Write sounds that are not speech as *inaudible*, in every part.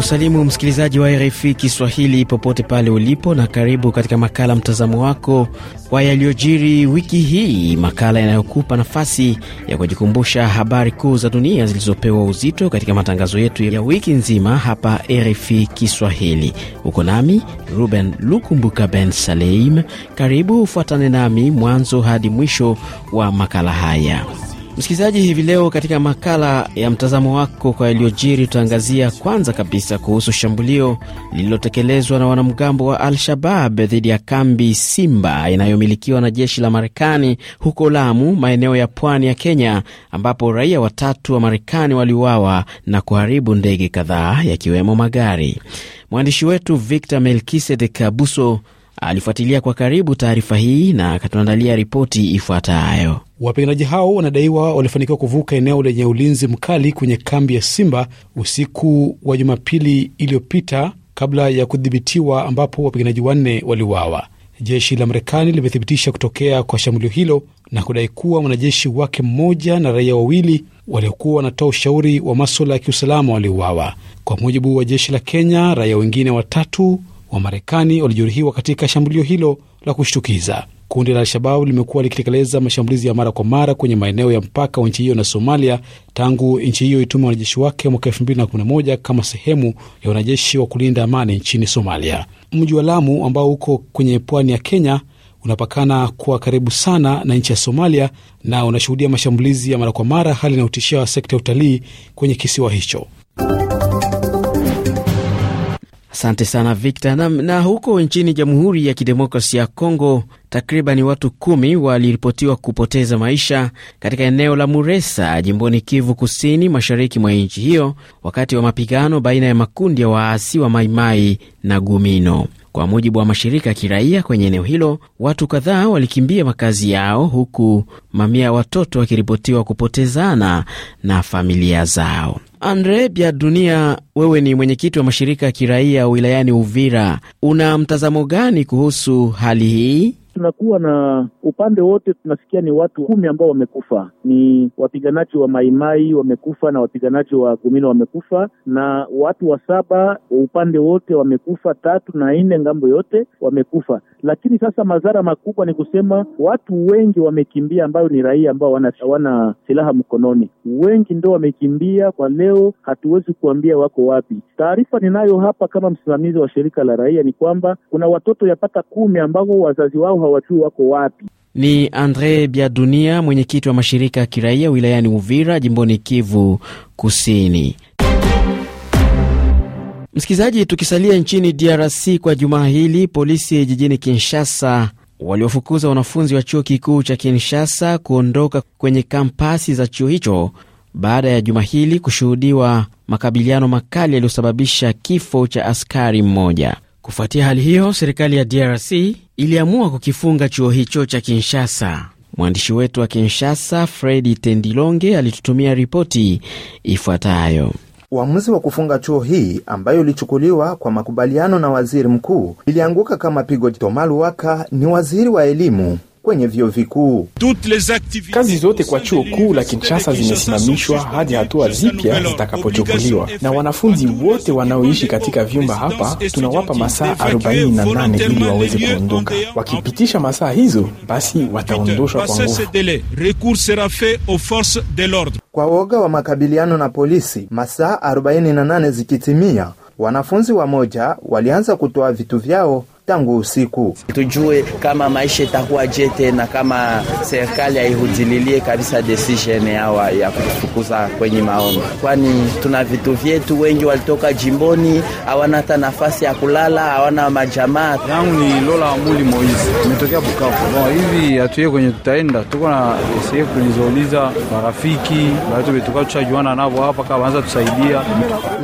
kusalimu msikilizaji wa RFI Kiswahili popote pale ulipo, na karibu katika makala mtazamo wako kwa yaliyojiri wiki hii, makala yanayokupa nafasi ya kujikumbusha habari kuu za dunia zilizopewa uzito katika matangazo yetu ya wiki nzima hapa RFI Kiswahili. Uko nami Ruben Lukumbuka Ben Saleim. Karibu ufuatane nami mwanzo hadi mwisho wa makala haya. Msikilizaji, hivi leo katika makala ya mtazamo wako kwa yaliyojiri, tutaangazia kwanza kabisa kuhusu shambulio lililotekelezwa na wanamgambo wa Al-Shabab dhidi ya kambi Simba inayomilikiwa na jeshi la Marekani huko Lamu, maeneo ya pwani ya Kenya, ambapo raia watatu wa Marekani waliuawa na kuharibu ndege kadhaa yakiwemo magari. Mwandishi wetu Victor Melkisedek Abuso alifuatilia kwa karibu taarifa hii na akatuandalia ripoti ifuatayo. Wapiganaji hao wanadaiwa walifanikiwa kuvuka eneo lenye ulinzi mkali kwenye kambi ya Simba usiku wa Jumapili iliyopita kabla ya kudhibitiwa, ambapo wapiganaji wanne waliuawa. Jeshi la Marekani limethibitisha kutokea kwa shambulio hilo na kudai kuwa mwanajeshi wake mmoja na raia wawili waliokuwa wanatoa ushauri wa maswala ya kiusalama waliuawa. Kwa mujibu wa jeshi la Kenya, raia wengine watatu wa Marekani walijeruhiwa katika shambulio hilo la kushtukiza. Kundi la Al-Shababu limekuwa likitekeleza mashambulizi ya mara kwa mara kwenye maeneo ya mpaka wa nchi hiyo na Somalia tangu nchi hiyo itume wanajeshi wake mwaka moja kama sehemu ya wanajeshi wa kulinda amani nchini Somalia. Mji wa Lamu ambao uko kwenye pwani ya Kenya unapakana kwa karibu sana na nchi ya Somalia na unashuhudia mashambulizi ya mara kwa mara, hali inayotishia sekta ya utalii kwenye kisiwa hicho. Asante sana Victor na, na huko nchini Jamhuri ya Kidemokrasi ya Kongo takriban watu kumi waliripotiwa kupoteza maisha katika eneo la Muresa jimboni Kivu Kusini, mashariki mwa nchi hiyo wakati wa mapigano baina ya makundi ya waasi wa Maimai na Gumino. Kwa mujibu wa mashirika ya kiraia kwenye eneo hilo, watu kadhaa walikimbia makazi yao, huku mamia ya watoto wakiripotiwa kupotezana na familia zao. Andre Bia Dunia, wewe ni mwenyekiti wa mashirika ya kiraia wilayani Uvira, una mtazamo gani kuhusu hali hii? tunakuwa na upande wote, tunasikia ni watu kumi ambao wamekufa, ni wapiganaji wa Maimai wamekufa na wapiganaji wa Gumino wamekufa, na watu wa saba upande wote wamekufa, tatu na nne ngambo yote wamekufa. Lakini sasa madhara makubwa ni kusema watu wengi wamekimbia, ambayo ni raia ambao hawana silaha mkononi, wengi ndo wamekimbia. Kwa leo hatuwezi kuambia wako wapi. Taarifa ninayo hapa kama msimamizi wa shirika la raia ni kwamba kuna watoto yapata kumi ambao wazazi wao watu wako wapi. Ni Andre Biadunia, mwenyekiti wa mashirika ya kiraia wilayani Uvira, jimboni Kivu Kusini. Msikilizaji, tukisalia nchini DRC kwa jumaa hili, polisi jijini Kinshasa waliofukuza wanafunzi wa chuo kikuu cha Kinshasa kuondoka kwenye kampasi za chuo hicho baada ya juma hili kushuhudiwa makabiliano makali yaliyosababisha kifo cha askari mmoja. Kufuatia hali hiyo, serikali ya DRC iliamua kukifunga chuo hicho cha Kinshasa. Mwandishi wetu wa Kinshasa, Fredi Tendilonge, alitutumia ripoti ifuatayo. Uamuzi wa kufunga chuo hii ambayo ilichukuliwa kwa makubaliano na waziri mkuu ilianguka kama pigo. Tomaluwaka ni waziri wa elimu kwenye vyuo vikuu. Kazi zote kwa chuo kuu la Kinshasa zimesimamishwa hadi hatua zipya zitakapochukuliwa, na wanafunzi wote wanaoishi katika vyumba hapa tunawapa masaa 48 ili waweze kuondoka. Wakipitisha masaa hizo, basi wataondoshwa kwa nguvu. Kwa woga wa makabiliano na polisi, masaa 48 zikitimia, wanafunzi wamoja walianza kutoa vitu vyao tangu usiku. Tujue kama maisha je tena kama serikali haihudililie kabisa decision yao ya kutufukuza kwenye maombi, kwani tuna vitu vyetu. Wengi walitoka jimboni, hawana hata nafasi ya kulala, hawana majamaa. Yangu ni Lola Amuli Moizi, imetokea Bukavu. Bon, hivi hatuye kwenye tutaenda, tuko na sie kulizouliza marafiki watu vetuka tuchajuana navo hapa kama tusaidia.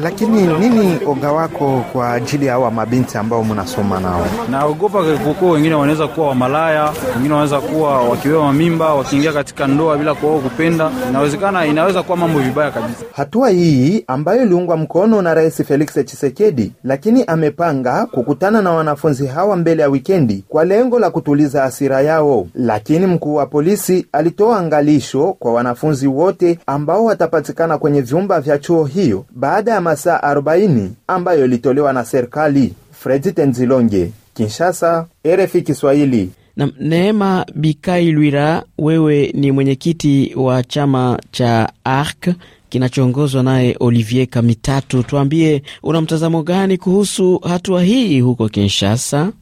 Lakini nini oga wako kwa ajili ya hawa mabinti ambao mnasoma nao? Naogopa kukuwa wengine wanaweza kuwa wamalaya, wengine wanaweza kuwa wakiwewa mimba, wakiingia katika ndoa bila kuoa kupenda. Inawezekana, inaweza kuwa mambo vibaya kabisa. Hatua hii ambayo iliungwa mkono na Rais Felix Tshisekedi, lakini amepanga kukutana na wanafunzi hawa mbele ya wikendi kwa lengo la kutuliza hasira yao, lakini mkuu wa polisi alitoa angalisho kwa wanafunzi wote ambao watapatikana kwenye vyumba vya chuo hiyo baada ya masaa 40 ambayo ilitolewa na serikali. Fredi Tenzilonge, Kinshasa, RFI Kiswahili. Na Neema Bikai Lwira, wewe ni mwenyekiti wa chama cha ARC kinachoongozwa naye Olivier Kamitatu, tuambie una mtazamo gani kuhusu hatua hii huko Kinshasa?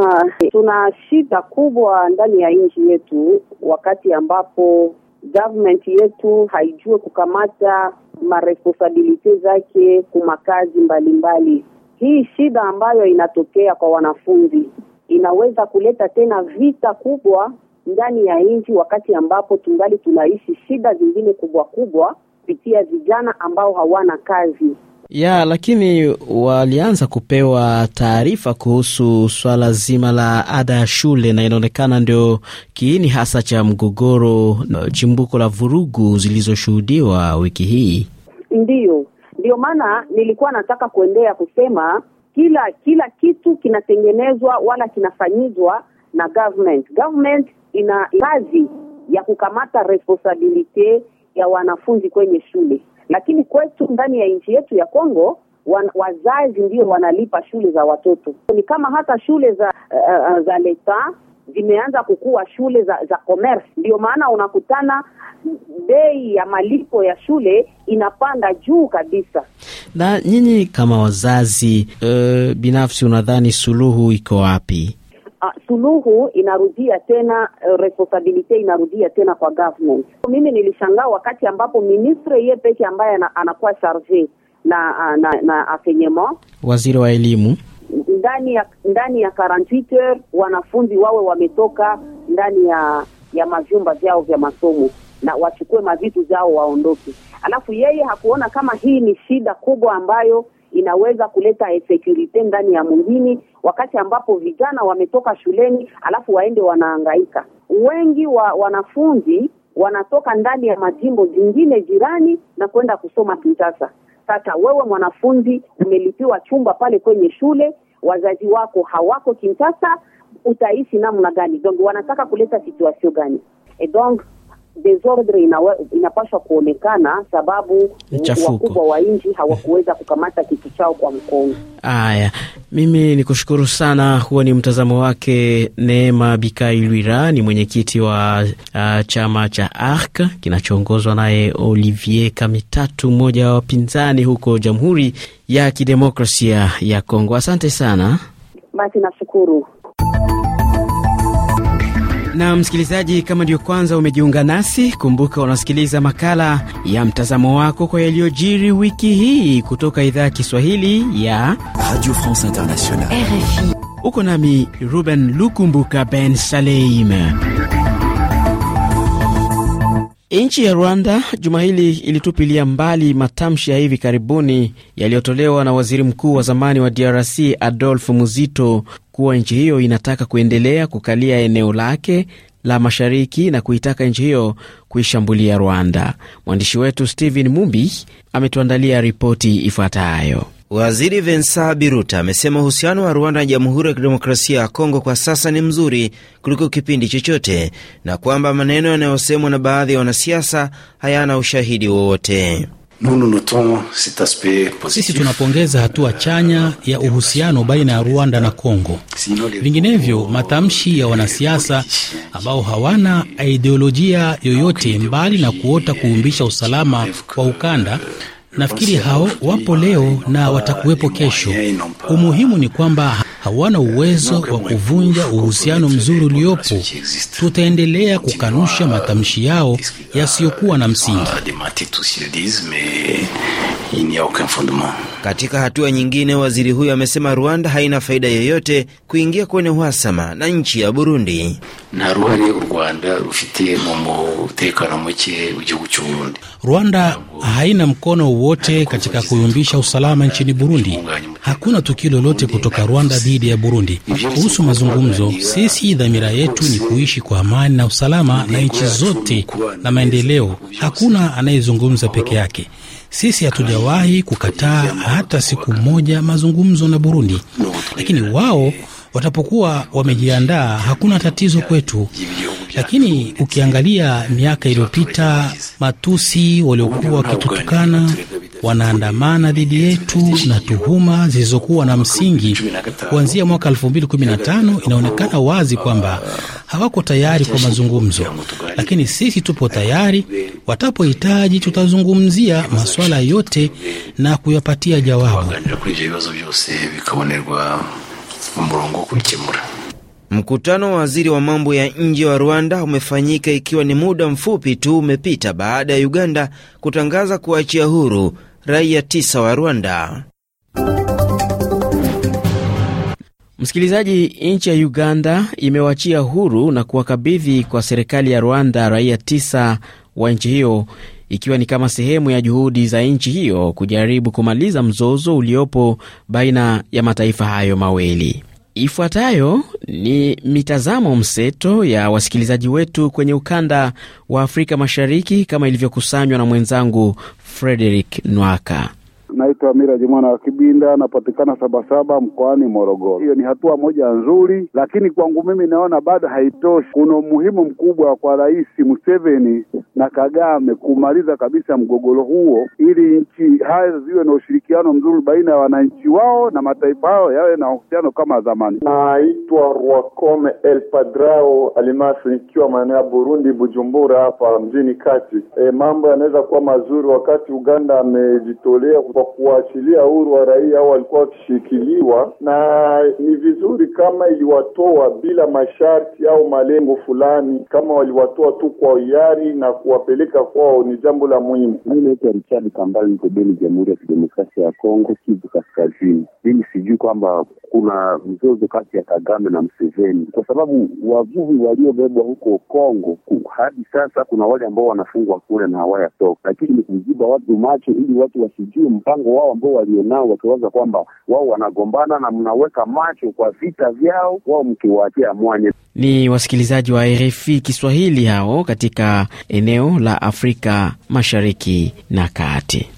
Uh, tuna shida kubwa ndani ya nchi yetu, wakati ambapo government yetu haijue kukamata maresponsabilite zake kumakazi mbalimbali mbali hii shida ambayo inatokea kwa wanafunzi inaweza kuleta tena vita kubwa ndani ya nchi, wakati ambapo tungali tunaishi shida zingine kubwa kubwa kupitia vijana ambao hawana kazi ya lakini walianza kupewa taarifa kuhusu swala zima la ada ya shule, na inaonekana ndio kiini hasa cha mgogoro, chimbuko la vurugu zilizoshuhudiwa wiki hii. Ndiyo, ndio maana nilikuwa nataka kuendea kusema kila kila kitu kinatengenezwa wala kinafanyizwa na government. Government ina kazi ya kukamata responsabilite ya wanafunzi kwenye shule, lakini kwetu ndani ya nchi yetu ya Kongo wan, wazazi ndio wanalipa shule za watoto. Ni kama hata shule za uh, za leta zimeanza kukua shule za, za commerce. Ndio maana unakutana bei ya malipo ya shule inapanda juu kabisa. Na nyinyi kama wazazi uh, binafsi unadhani suluhu iko wapi? Uh, suluhu inarudia tena uh, responsibility inarudia tena kwa government. Mimi nilishangaa wakati ambapo ministre ye peke ambaye anakuwa charge ah, na, na, na, na afenyemo waziri wa elimu ndani ya ndani ya 48 wanafunzi wawe wametoka ndani ya ya mavyumba vyao vya masomo na wachukue mavitu zao waondoke. Alafu yeye hakuona kama hii ni shida kubwa ambayo inaweza kuleta insecurity ndani ya mwingini wakati ambapo vijana wametoka shuleni alafu waende wanaangaika Wengi wa wanafunzi wanatoka ndani ya majimbo zingine jirani na kwenda kusoma Kinshasa. Sasa wewe mwanafunzi umelipiwa chumba pale kwenye shule, wazazi wako hawako Kinshasa, utaishi namna gani? Donc wanataka kuleta situasio gani? e donc desordre inawe, inapaswa kuonekana sababu wakubwa wa nchi hawakuweza kukamata kitu chao kwa mkono. Haya, mimi ni kushukuru sana. Huo ni mtazamo wake Neema Bikai Lwira, ni mwenyekiti wa uh, chama cha ARC kinachoongozwa naye Olivier Kamitatu, mmoja wa wapinzani huko Jamhuri ya Kidemokrasia ya Kongo. Asante sana. Basi nashukuru. Na msikilizaji, kama ndio kwanza umejiunga nasi, kumbuka unasikiliza makala ya mtazamo wako kwa yaliyojiri wiki hii kutoka idhaa ya Kiswahili ya Radio France Internationale, RFI. Uko nami Ruben Lukumbuka Ben Saleim. Nchi ya Rwanda juma hili ilitupilia mbali matamshi ya hivi karibuni yaliyotolewa na waziri mkuu wa zamani wa DRC Adolf Muzito kuwa nchi hiyo inataka kuendelea kukalia eneo lake la mashariki na kuitaka nchi hiyo kuishambulia Rwanda. Mwandishi wetu Steven Mumbi ametuandalia ripoti ifuatayo. Waziri Vincent Biruta amesema uhusiano wa Rwanda na Jamhuri ya Kidemokrasia ya Kongo kwa sasa ni mzuri kuliko kipindi chochote na kwamba maneno yanayosemwa na baadhi ya wanasiasa hayana ushahidi wowote. Sisi tunapongeza hatua chanya ya uhusiano baina ya Rwanda na Kongo. Vinginevyo, matamshi ya wanasiasa ambao hawana ideolojia yoyote mbali na kuota kuumbisha usalama wa ukanda Nafikiri hao wapo leo na watakuwepo kesho. Umuhimu ni kwamba hawana uwezo wa kuvunja uhusiano mzuri uliopo. Tutaendelea kukanusha matamshi yao yasiyokuwa na msingi. Ah, katika hatua nyingine, waziri huyo amesema Rwanda haina faida yoyote kuingia kwenye uhasama na nchi ya Burundi. na ruhare u Rwanda rufite mu mutekano muke w'igihugu cy'u Burundi. Rwanda haina mkono wowote katika kuyumbisha usalama nchini Burundi. Hakuna tukio lolote kutoka Rwanda dhidi ya Burundi. Kuhusu mazungumzo, sisi dhamira yetu ni kuishi kwa amani na usalama na nchi zote na maendeleo. Hakuna anayezungumza peke yake. Sisi hatujawahi kukataa hata siku moja mazungumzo na Burundi, lakini wao watapokuwa wamejiandaa, hakuna tatizo kwetu. Lakini ukiangalia miaka iliyopita, matusi waliokuwa wakitutukana wanaandamana dhidi yetu na tuhuma zilizokuwa na msingi kuanzia mwaka 2015. Inaonekana wazi kwamba hawako tayari kwa mazungumzo, lakini sisi tupo tayari. Watapohitaji tutazungumzia masuala yote na kuyapatia jawabu. Mkutano wa waziri wa mambo ya nje wa Rwanda umefanyika ikiwa ni muda mfupi tu umepita baada ya Uganda kutangaza kuachia huru raia tisa wa Rwanda. Msikilizaji, nchi ya Uganda imewachia huru na kuwakabidhi kwa serikali ya Rwanda raia tisa wa nchi hiyo ikiwa ni kama sehemu ya juhudi za nchi hiyo kujaribu kumaliza mzozo uliopo baina ya mataifa hayo mawili. Ifuatayo ni mitazamo mseto ya wasikilizaji wetu kwenye ukanda wa Afrika Mashariki kama ilivyokusanywa na mwenzangu Frederick Nwaka. Naitwa Miraji mwana wa Kibinda, napatikana Sabasaba mkoani Morogoro. Hiyo ni hatua moja nzuri, lakini kwangu mimi naona bado haitoshi. Kuna umuhimu mkubwa kwa Rais Museveni na Kagame kumaliza kabisa mgogoro huo, ili nchi haya ziwe na ushirikiano mzuri baina ya wananchi wao na mataifa yao yawe na uhusiano kama zamani. Naitwa Ruakome El Padrao Alimasi, nikiwa maeneo ya Burundi, Bujumbura hapa mjini kati. E, mambo yanaweza kuwa mazuri wakati Uganda amejitolea kwa kuachilia huru wa raia au walikuwa wakishikiliwa, na ni vizuri kama iliwatoa bila masharti au malengo fulani, kama waliwatoa tu kwa hiari na kuwapeleka kwao, ni jambo la muhimu. mi naitwa Richard kambali niko Beni, Jamhuri ya Kidemokrasia ya Kongo, Kivu Kaskazini. Mimi sijui kwamba kuna mzozo kati ya Kagame na Mseveni kwa sababu wavuvi waliobebwa huko Kongo hadi sasa kuna wale ambao wanafungwa kule na hawayatoka, lakini ni kuziba watu macho ili watu wasijue mpango wao ambao walionao, wakiwaza kwamba wao wanagombana na mnaweka macho kwa vita vyao, wao mkiwaachia mwanya. Ni wasikilizaji wa RFI Kiswahili hao katika eneo la Afrika Mashariki na Kati.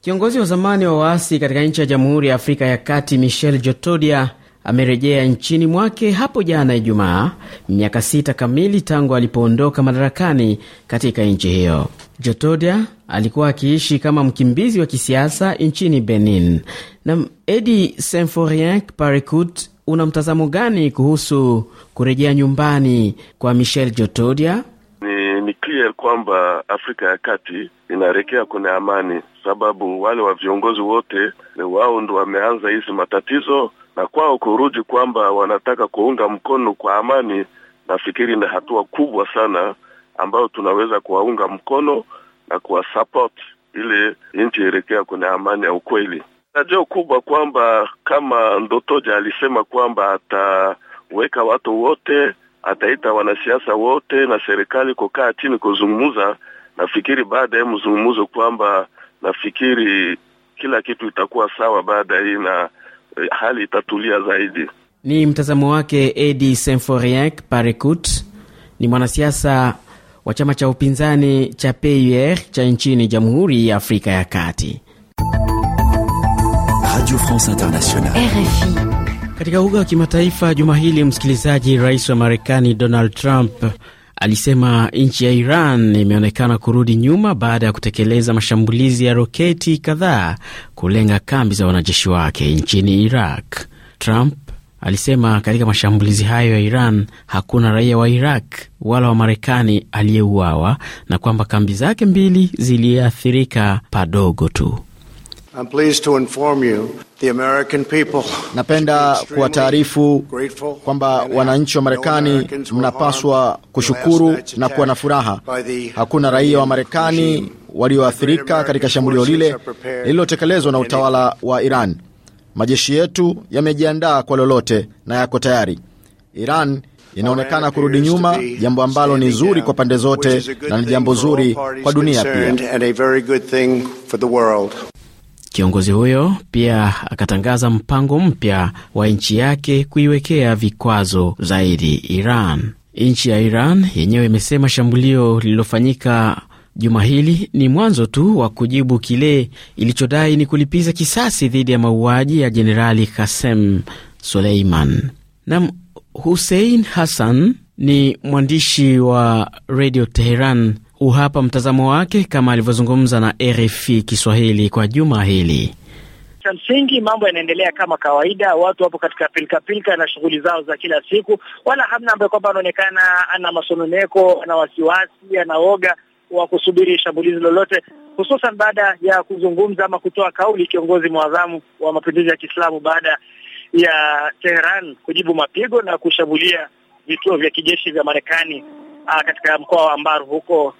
Kiongozi wa zamani wa waasi katika nchi ya Jamhuri ya Afrika ya Kati Michel Jotodia amerejea nchini mwake hapo jana Ijumaa, miaka sita kamili tangu alipoondoka madarakani katika nchi hiyo. Jotodia alikuwa akiishi kama mkimbizi wa kisiasa nchini Benin. Na Edi Symphorien Paricut, una mtazamo gani kuhusu kurejea nyumbani kwa Michel Jotodia? Ni, ni clear kwamba Afrika ya Kati inaelekea kuna amani, sababu wale wa viongozi wote wao ndo wameanza hizi matatizo na kwao kurudi kwamba wanataka kuunga mkono kwa amani, nafikiri ni hatua kubwa sana ambayo tunaweza kuwaunga mkono na kuwasupport ili nchi ielekea kwenye amani ya ukweli. Najua kubwa kwamba kama Ndotoja alisema kwamba ataweka watu wote, ataita wanasiasa wote na serikali kukaa chini kuzungumza. Nafikiri baada ya mzungumzo kwamba nafikiri kila kitu itakuwa sawa baada hii na hali itatulia zaidi. Ni mtazamo wake Edi Semforien Parekut, ni mwanasiasa wa chama cha upinzani cha PUR cha nchini Jamhuri ya Afrika ya Kati. Radio France Internationale, RFI. Katika uga wa kimataifa juma hili, msikilizaji, rais wa Marekani Donald Trump alisema nchi ya Iran imeonekana kurudi nyuma baada ya kutekeleza mashambulizi ya roketi kadhaa kulenga kambi za wanajeshi wake nchini Iraq. Trump alisema katika mashambulizi hayo ya Iran hakuna raia wa Iraq wala wa Marekani aliyeuawa na kwamba kambi zake mbili ziliathirika padogo tu. I'm pleased to inform you, the American people. *laughs* Napenda kuwataarifu kwamba wananchi wa Marekani mnapaswa kushukuru na kuwa na furaha. Hakuna raia wa Marekani walioathirika katika shambulio lile lililotekelezwa na utawala wa Iran. Majeshi yetu yamejiandaa kwa lolote na yako tayari. Iran inaonekana kurudi nyuma, jambo ambalo ni zuri kwa pande zote na ni jambo zuri kwa dunia pia. Kiongozi huyo pia akatangaza mpango mpya wa nchi yake kuiwekea vikwazo zaidi Iran. Nchi ya Iran yenyewe imesema shambulio lililofanyika juma hili ni mwanzo tu wa kujibu kile ilichodai ni kulipiza kisasi dhidi ya mauaji ya Jenerali Kasem Suleiman. Nam Hussein Hassan ni mwandishi wa redio Teheran Uhapa mtazamo wake kama alivyozungumza na RFI Kiswahili kwa juma hili. Cha msingi mambo yanaendelea kama kawaida, watu wapo katika pilika pilika na shughuli zao za kila siku, wala hamna ambaye kwamba anaonekana ana masononeko, ana wasiwasi, ana oga wa kusubiri shambulizi lolote, hususan baada ya kuzungumza ama kutoa kauli kiongozi mwadhamu wa mapinduzi ya Kiislamu baada ya Teheran kujibu mapigo na kushambulia vituo vya kijeshi vya Marekani ah, katika mkoa wa Ambar huko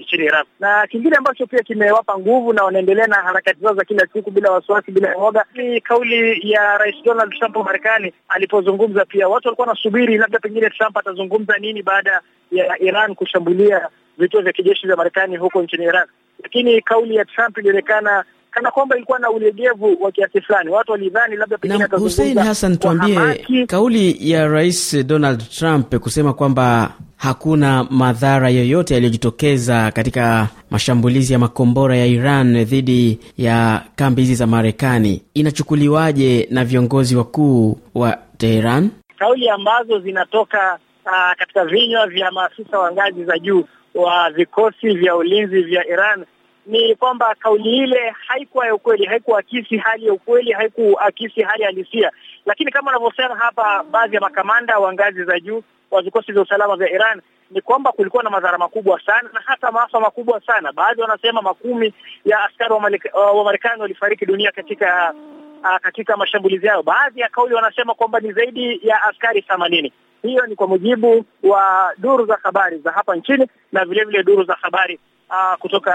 nchini Iraq. Na kingine ambacho pia kimewapa nguvu na wanaendelea na harakati zao za kila siku bila wasiwasi, bila woga, ni kauli ya Rais Donald Trump wa Marekani alipozungumza. Pia watu walikuwa wanasubiri labda pengine Trump atazungumza nini baada ya Iran kushambulia vituo vya kijeshi vya Marekani huko nchini Iraq, lakini kauli ya Trump ilionekana kana kwamba ilikuwa na ulegevu wa kiasi fulani, watu walidhani labda pengine. Hussein Hassan, tuambie kauli ya Rais Donald Trump kusema kwamba hakuna madhara yoyote yaliyojitokeza katika mashambulizi ya makombora ya Iran dhidi ya kambi hizi za Marekani inachukuliwaje na viongozi wakuu wa Teheran? Kauli ambazo zinatoka uh, katika vinywa vya maafisa wa ngazi za juu wa vikosi vya ulinzi vya Iran ni kwamba kauli ile haikuwa ya ukweli, haikuakisi hali ya ukweli, haikuakisi hali halisia. Lakini kama wanavyosema hapa baadhi ya makamanda wa ngazi za juu wa vikosi vya usalama vya Iran ni kwamba kulikuwa na madhara makubwa sana na hata maafa makubwa sana. Baadhi wanasema makumi ya askari wa Marekani walifariki dunia katika ah, katika mashambulizi yao. Baadhi ya kauli wanasema kwamba ni zaidi ya askari themanini. Hiyo ni kwa mujibu wa duru za habari za hapa nchini na vilevile vile duru za habari uh, kutoka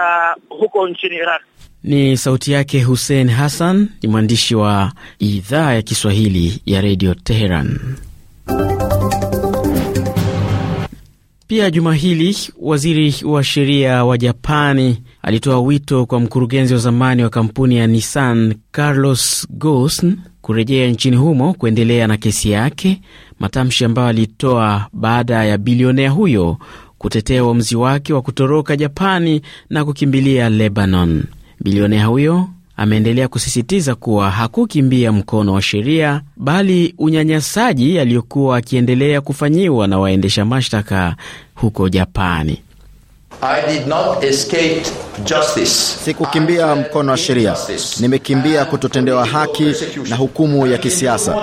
huko nchini Iraq. Ni sauti yake Hussein Hassan, ni mwandishi wa idhaa ya Kiswahili ya redio Teheran. Pia juma hili waziri wa sheria wa Japani alitoa wito kwa mkurugenzi wa zamani wa kampuni ya Nissan Carlos Ghosn kurejea nchini humo kuendelea na kesi yake matamshi ambayo alitoa baada ya bilionea huyo kutetea uamuzi wake wa kutoroka Japani na kukimbilia Lebanon. Bilionea huyo ameendelea kusisitiza kuwa hakukimbia mkono wa sheria bali unyanyasaji aliyokuwa akiendelea kufanyiwa na waendesha mashtaka huko Japani. I did not escape justice. Sikukimbia mkono wa sheria, nimekimbia kutotendewa haki na hukumu ya kisiasa.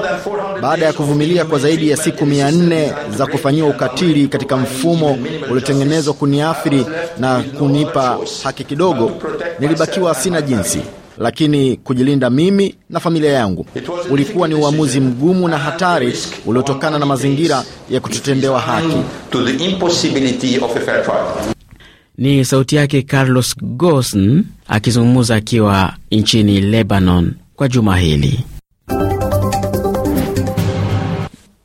Baada ya kuvumilia kwa zaidi ya siku mia nne za kufanyiwa ukatili katika mfumo uliotengenezwa kuniathiri na kunipa haki kidogo, nilibakiwa sina jinsi lakini kujilinda mimi na familia yangu ulikuwa ni uamuzi mgumu na hatari uliotokana na mazingira ya kutotendewa haki. Ni sauti yake Carlos Gosn akizungumza akiwa nchini Lebanon kwa juma hili.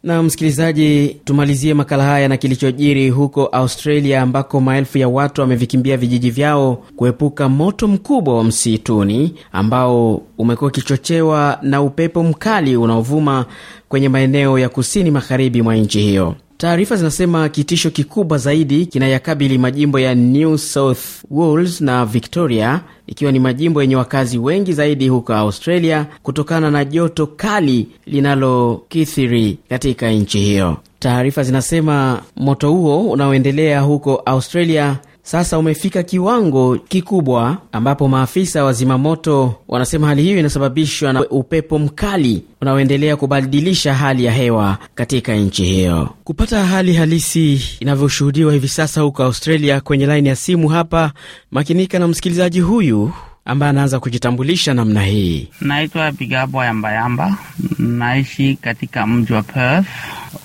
Na msikilizaji, tumalizie makala haya na kilichojiri huko Australia, ambako maelfu ya watu wamevikimbia vijiji vyao kuepuka moto mkubwa wa msituni ambao umekuwa ukichochewa na upepo mkali unaovuma kwenye maeneo ya kusini magharibi mwa nchi hiyo. Taarifa zinasema kitisho kikubwa zaidi kinayakabili majimbo ya New South Wales na Victoria, ikiwa ni majimbo yenye wakazi wengi zaidi huko Australia, kutokana na joto kali linalokithiri katika nchi hiyo. Taarifa zinasema moto huo unaoendelea huko Australia sasa umefika kiwango kikubwa ambapo maafisa wa zimamoto wanasema hali hiyo inasababishwa na upepo mkali unaoendelea kubadilisha hali ya hewa katika nchi hiyo. Kupata hali halisi inavyoshuhudiwa hivi sasa huko Australia, kwenye laini ya simu hapa makinika na msikilizaji huyu ambaye anaanza kujitambulisha namna hii. Naitwa Bigabo Yambayamba, naishi katika mji wa Perth,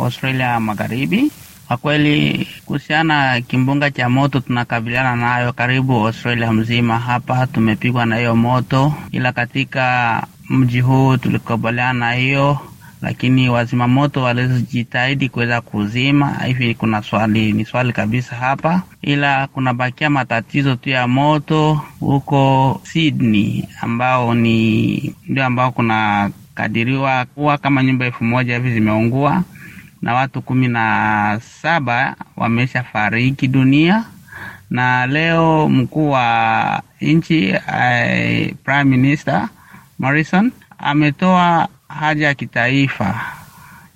Australia Magharibi. Kwa kweli kuhusiana kimbunga cha moto tunakabiliana nayo karibu Australia mzima. Hapa tumepigwa na hiyo moto, ila katika mji huu tulikubaliana na hiyo lakini wazima moto walizojitahidi kuweza kuzima. Hivi kuna swali ni swali kabisa hapa, ila kunabakia matatizo tu ya moto huko Sydney, ambao ni ndio ambao kuna kadiriwa kuwa kama nyumba elfu moja hivi zimeungua na watu kumi na saba fariki dunia na leo mkuu wa nchi eh, Prime Minister Morrison ametoa haja ya kitaifa,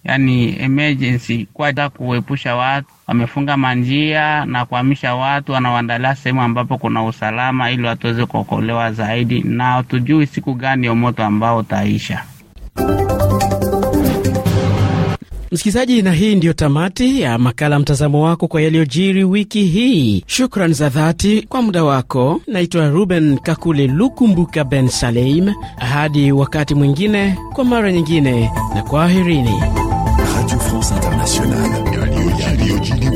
yani emergency, kwa kuepusha watu wamefunga manjia na kuhamisha watu, wanaoandalia sehemu ambapo kuna usalama, ili watu waweze kuokolewa zaidi, na tujui siku gani ya moto ambao utaisha. Msikilizaji, na hii ndiyo tamati ya makala mtazamo wako kwa yaliyojiri wiki hii. Shukran za dhati kwa muda wako. Naitwa Ruben Kakule Lukumbuka Ben Saleim. Hadi wakati mwingine, kwa mara nyingine, na kwaherini. Radio France Internationale.